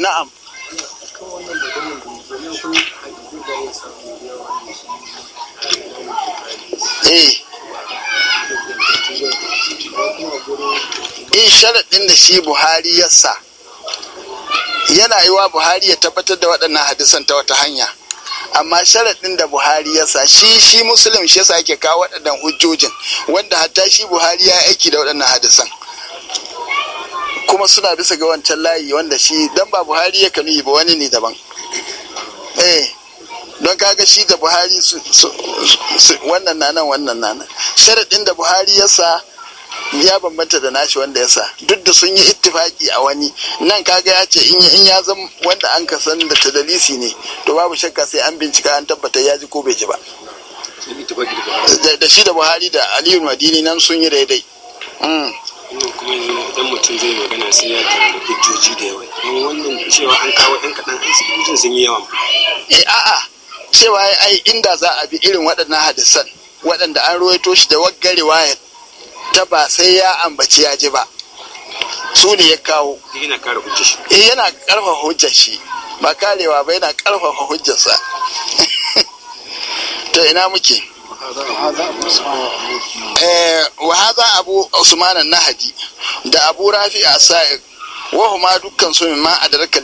na'am eh in sharaɗin da shi buhari yasa yana yi wa buhari ya tabbatar da waɗannan hadisan ta wata hanya amma sharaɗin da buhari yasa shi shi musulun shi yasa ake kawo waɗannan hujjojin wanda hatta shi buhari ya aiki da waɗannan hadisan kuma suna bisa ga wancan layi wanda shi dan ba buhari ya kanu ba wani ne daban eh don kaga shi da buhari su, wannan na nan wannan na nan sharaɗin da buhari ya sa ya bambanta da nashi wanda ya sa duk da sun yi ittifaki a wani nan kaga ya ce in ya zama wanda an ka san da tadalisi ne to babu shakka sai an bincika an tabbatar ya ji ko bai ji ba da shi da buhari da aliyu madini nan sun yi daidai mm. wannan kuma yanzu idan mutum zai magana sai ya tara hujjoji da yawa don wannan cewa an kawo 'yan kaɗan an hujjojin sun yi yawa eh a'a cewa ai inda za a bi irin waɗannan hadisan waɗanda an ruwaito shi da waggarewa ya ta ba sai ya ambaci ya ji ba su ne ya kawo yana kare hujjar shi eh yana karfafa hujjar shi ba karewa ba yana karfafa hujjarsa to ina muke Eh, wa haza abu usman nahadi da abu rafi a sa'id wahuma dukkan su mimma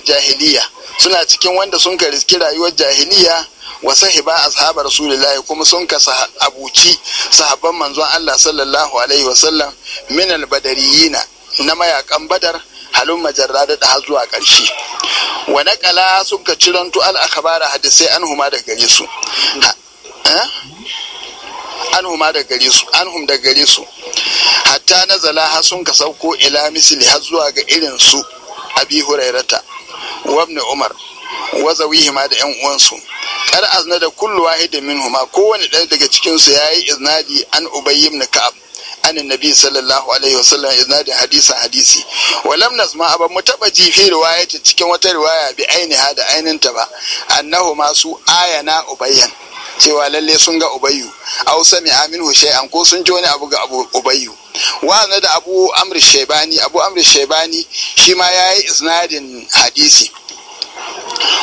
jahiliya suna cikin wanda sun ka riski rayuwar jahiliya wa sahiba ashabar rasulillahi kuma sun ka abuci sahabban manzon Allah sallallahu alaihi wasallam min albadariyina na mayakan badar halin majarra da har zuwa ƙarshe wa naƙala sun ka cirantu al-akhbara hadisai an huma daga gare su Eh? anhum da gare su hatta nazala har sun ka sauko ila misli har zuwa ga irinsu, su abi hurairata wabni umar wa ma da yan uwansu kar azna da kullu wahidin huma, kowane ɗaya daga cikinsu ya yi iznadi an ubayyim na ka'ab an nabi sallallahu alaihi wasallam iznadi hadisa hadisi wa nasma aban mutaba ji fi riwayati cikin wata riwaya bi ainiha da ainin ba annahu ma su ayana ubayyan cewa lalle sun ga ubayyu mai sami aminu an ko sun ji wani abu ga abu ubayyu da abu amr shebani abu amr shebani shi ma ya yi isnadin hadisi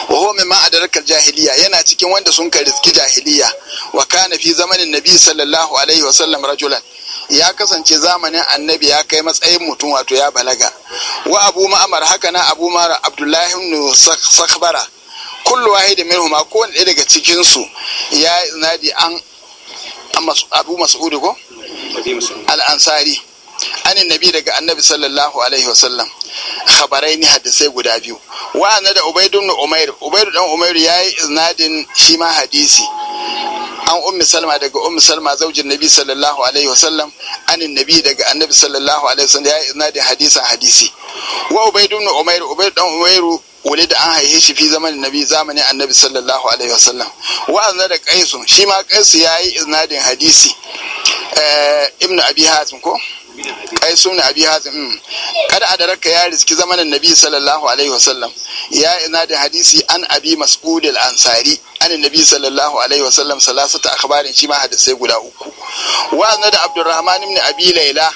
wa huwa mimma adraka jahiliya yana cikin wanda sun ka riski jahiliya wa kana fi zamanin nabi sallallahu alaihi wa sallam rajulan ya kasance zamanin annabi ya kai matsayin mutum wato ya balaga wa abu ma'amar haka na abu mara abdullahi ibn sakhbara kullu wahidin minhum ko wanda ɗaya daga cikin su ya zinadi an abu mas'ud ko al ansari anin nabi daga annabi sallallahu alaihi wa sallam. khabarai ni hadisai guda biyu wa anna da ubaidu umair ubaidu dan umair yayi iznadin shi ma hadisi an ummi salma daga ummi salma zaujin nabi sallallahu alaihi wa sallam. anin nabi daga annabi sallallahu alaihi wa sallam yayi iznadin zinadin hadisi wa ubaidu umair ubaidu dan umairu Wani da an haife shi fi zamanin nabi zamani annabi sallallahu alaihi wasallam wa anna da qaisu shi ma qaisu yayi iznadin hadisi eh, ibn abi hazim ko qaisu ibn abi hazim hmm. kada a adaraka ya riski zamanin nabi sallallahu alaihi wasallam ya iznadin hadisi an abi mas'ud al-ansari an nabi sallallahu alaihi wasallam salasata akhbarin shi ma hadisai guda uku wa anna da abdurrahman ibn abi laila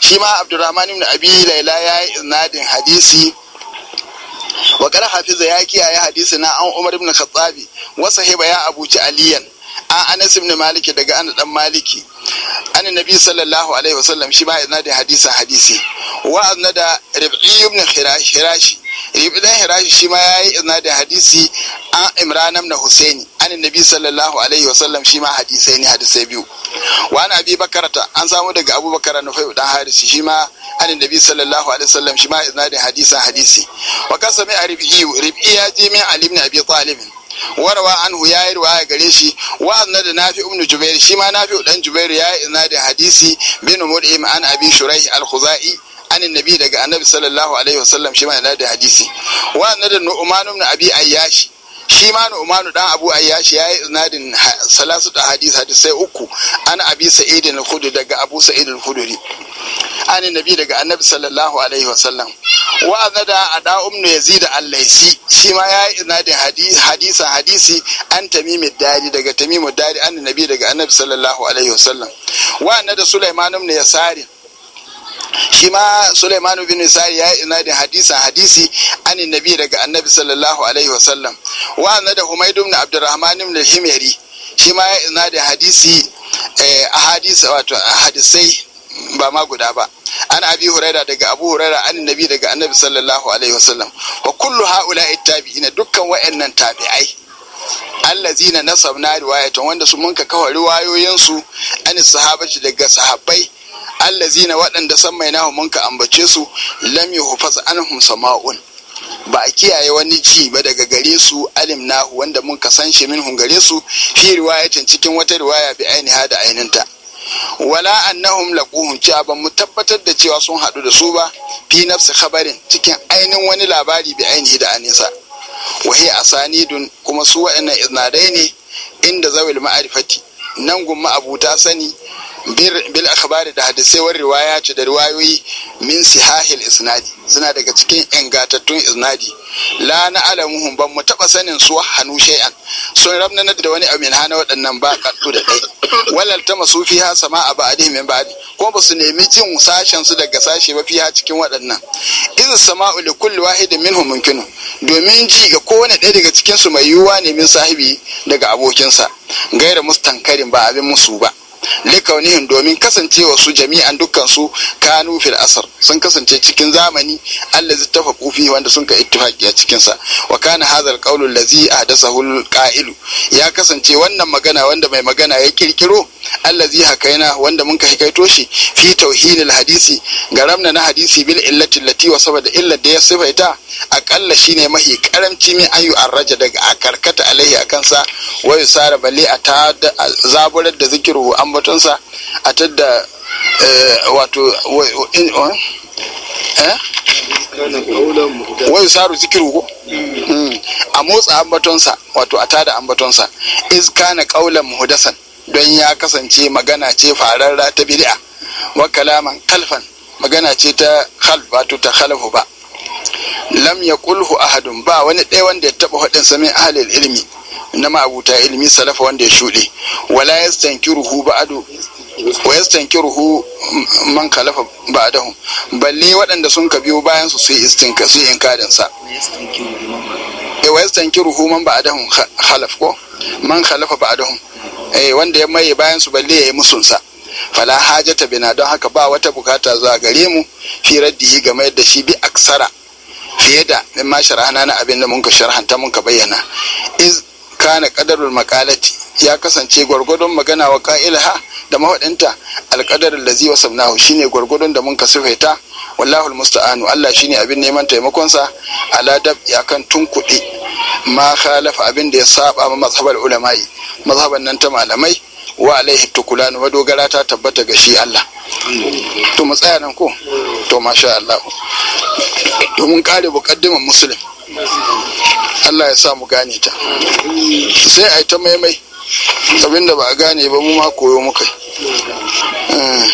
shi ma abdurrahman ibn abi laila yayi iznadin hadisi wa qala hafiza ya kiyaye hadisi na an umar ibn khattabi wa sahiba ya abuci aliyan an anas ibn maliki daga an dan maliki an nabi sallallahu alaihi wasallam shi ba yana da hadisi hadisi wa annada rib'i ibn hirashi rib'i dan hirashi shi ma yayi yana da hadisi an imran ibn husaini anin nabi sallallahu alaihi wasallam shi ma hadisai ne hadisai biyu wa na abi bakarata an samu daga abubakar na fayu dan harisi shi ma anin nabi sallallahu alaihi wasallam shi ma isnadin hadisan hadisi wa kasami aribi ribi ya ji min ali ibn abi talib warawa an ya yi ruwaya gare shi wa azna da nafi ibn jubair shi ma nafi dan jubair ya yi isnadin hadisi bin mud'im an abi shuraih al-khuzai anin nabi daga annabi sallallahu alaihi wasallam shi ma isnadin hadisi wa azna da nu'man ibn abi ayyashi shi ma Umaru dan Abu a yashi, ya yi isnadin salasu da hadis sai uku an Abi Sa'id na khudri daga Abu Sa'id al-Khudri an Nabi daga Annabi sallallahu alaihi wasallam wa a ada umnu ya zida allaisi shi ma ya yi isnadin hadisa hadisi an Tamim ad-Dari daga Tamim ad-Dari an Nabi daga Annabi sallallahu alaihi wasallam wa annada Sulaiman ya sari shi ma Suleiman bin Sari ya inadin hadisa hadisi an nabi daga annabi sallallahu alaihi wasallam wa na da humaidu ibn Abdurrahman ibn al-Himyari shi ma ya inadin hadisi eh, a hadisa. wato hadisai ba ma guda ba an abi huraira daga abu huraira an nabi daga annabi sallallahu alaihi wasallam wa kullu ittabi ina dukkan wa'annan tabi'ai allazina nasabna riwayatan wanda su munka riwayoyin su an sahabaci daga sahabbai allazina waɗanda san mai nahu ka ambace su lam an hunsa ma'un. ba a kiyaye wani ji ba daga gare su alim nahu wanda mun ka san shi min gare su fi riwayatin cikin wata riwaya bi ainiha da aininta wala annahum laquhum cewa ba mu tabbatar da cewa sun haɗu da su ba fi nafsi khabarin cikin ainihin wani labari bi ainihi da anisa wahi asanidun kuma su wa'annan iznadai ne inda zawil ma'arifati nan gumma ta sani bil akhbari da hadisai wa riwaya ce da riwayoyi min sihahil isnadi suna daga cikin ingatattun isnadi la na alamuhum ban mu taba sanin su hannu shay'an sun rabna na da wani amin hana waɗannan ba kaddu da dai walal ta masu fiha sama a ba'adi min ba'adi ko ba su nemi jin sashen su daga sashe ba fiha cikin waɗannan iz sama'u li kulli wahidin minhum mumkinu domin ji ga kowane ɗaya daga cikin su mai yiwuwa ne min sahibi daga abokinsa gaira mustankarin ba abin musu ba likaunihin domin kasancewa su jami'an dukkan su kanu fil asar sun kasance cikin zamani Allah zai tafa fihi wanda sun ka ittifaqi a cikin sa wa kana hadha alqawlu ladzi ahdathahu qa'ilu ya kasance wannan magana wanda mai magana ya kirkiro allazi hakaina wanda mun ka hikaito shi fi tauhinil hadisi garamna na hadisi bil illati lati wa sabada illa da ya sifaita akalla shine mahi karamci min ayu arraja daga a karkata alaihi akan sa wa yusara bali a ta zaburar da zikiru ambatun sa a tadda Eh, wato wai saru eh, eh? zikiru ko hmm. a motsa ambatonsa wato a tada ambatonsa Iska kana kaulan muhdasan don ya kasance magana ce fararra ta bid'a wa kalaman kalfan magana ce ta khalf wato ta khalfu ba lam ya yaqulhu ahadun ba wani ɗaya wanda ya taɓa haɗin samin ahalil ilmi na ma'abuta ilimi salafa wanda ya shuɗe wala ya ba ado. wa yastankiruhu man khalafa ba'dahu balle waɗanda sun ka biyo bayan su su yi istinka su yi inkarin sa eh wa yastankiruhu man ba'dahu khalaf ko man khalafa ba'dahu eh wanda ya maye bayan su balle yayi musun sa fala haja ta bina don haka ba wata bukata zuwa gare mu fi raddihi game da shi bi aksara fiye da min ma sharhana na abin da mun ka sharhanta mun ka bayyana iz kana qadarul maqalati ya kasance gwargwadon magana wa qa'ilaha da mahaɗinta alƙadarin da zai shine gwargwadon da mun ka sirreta wallahul musta'anu Allah ne abin neman taimakonsa ala dab ya kan kuɗi ma khalafa abin da ya saba ma mazhabar ulama'i mazhaban nan ta malamai wa alaihi tukulanu madogara ta tabbata ga shi Allah to mu tsaya nan ko to masha Allah to mun kare muqaddiman muslim Allah ya sa mu gane ta sai a yi ta maimai abinda ba a gane ba mu ma koyo muka eh.